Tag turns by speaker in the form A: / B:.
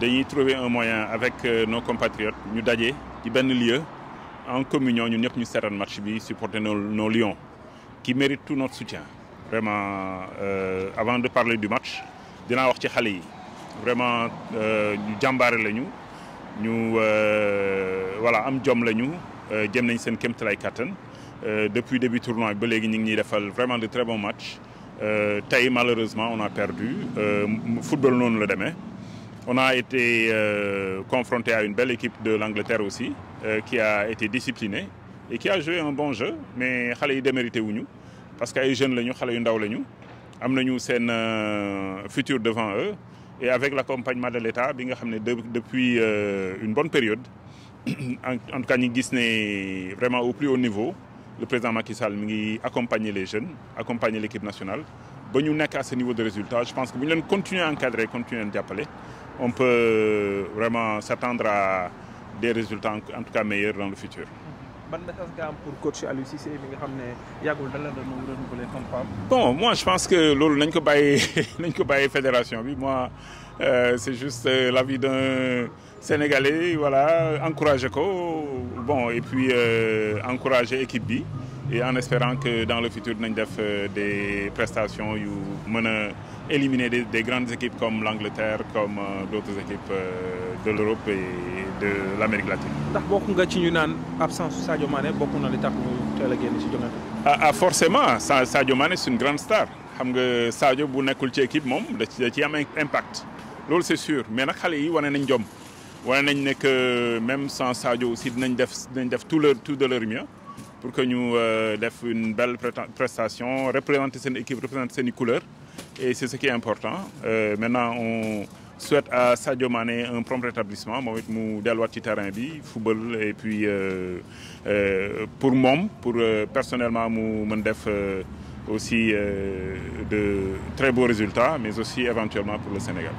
A: dañuy trouver un moyen avec euh, nos compatriotes nous d'aller ci un lieu en communion nous ñëpp ñu seetaan match bi supporter nos lions qui méritent tout notre soutien vraiment euh, avant de parler du match je wax ci xale vraiment vraiment euh, ñu jàmbaare lañu ñu euh, voilà am jom lañu jëm nañ seen kéemtalaay kàttan depuis début tournoi ba légui ñing défal vraiment de très bons matchs tay malheureusement on a perdu football non la demee. On a été euh, confronté à une belle équipe de l'Angleterre aussi, euh, qui a été disciplinée et qui a joué un bon jeu, mais il a démérité nous, parce que jeunes lañu ont yu ndaw lañu euh, futur devant eux et avec l'accompagnement de l'État depuis une bonne période en, tout cas vraiment au plus haut niveau le président Macky Sall accompagne les jeunes accompagner l'équipe nationale ba à ce niveau de résultat je pense que bu ñu à continuer encadrer continuer à appeler, on peut euh, vraiment s'attendre à des résultats en tout cas meilleurs dans le futur. bon moi je pense que loolu n'est ko bàyyi fédération bi moi euh, c'est juste euh, l'avis d'un Sénégalais voilà encourager ko bon et puis encourager équipe bi et en espérant que dans le futur nous def euh, des prestations yu mën éliminer des, grandes équipes comme l'Angleterre comme euh, d'autres équipes euh, de l'Europe et de l'Amérique latine.
B: ndax bokk nga ci ñu naan absence Sadio Mané bokk na li tax ñu teel a ci
A: ah, ah forcément Sadio Mané est une grande star xam nga Sadio bu nekkul ci équipe moom da ci impact c'est sûr mais y a yi wane nañ jom wane nañ ne que même sans Sadio aussi avons tout tout de leur mieux pour que nous euh, def une belle prestation représenter une équipe représenter ses couleurs. et c'est ce qui est important euh, maintenant on souhaite à Sadio Mané un propre établissement Moi, nous mu terrain football et puis euh, pour moi, pour personnellement mu suis aussi de très beaux
B: résultats mais aussi éventuellement pour le Sénégal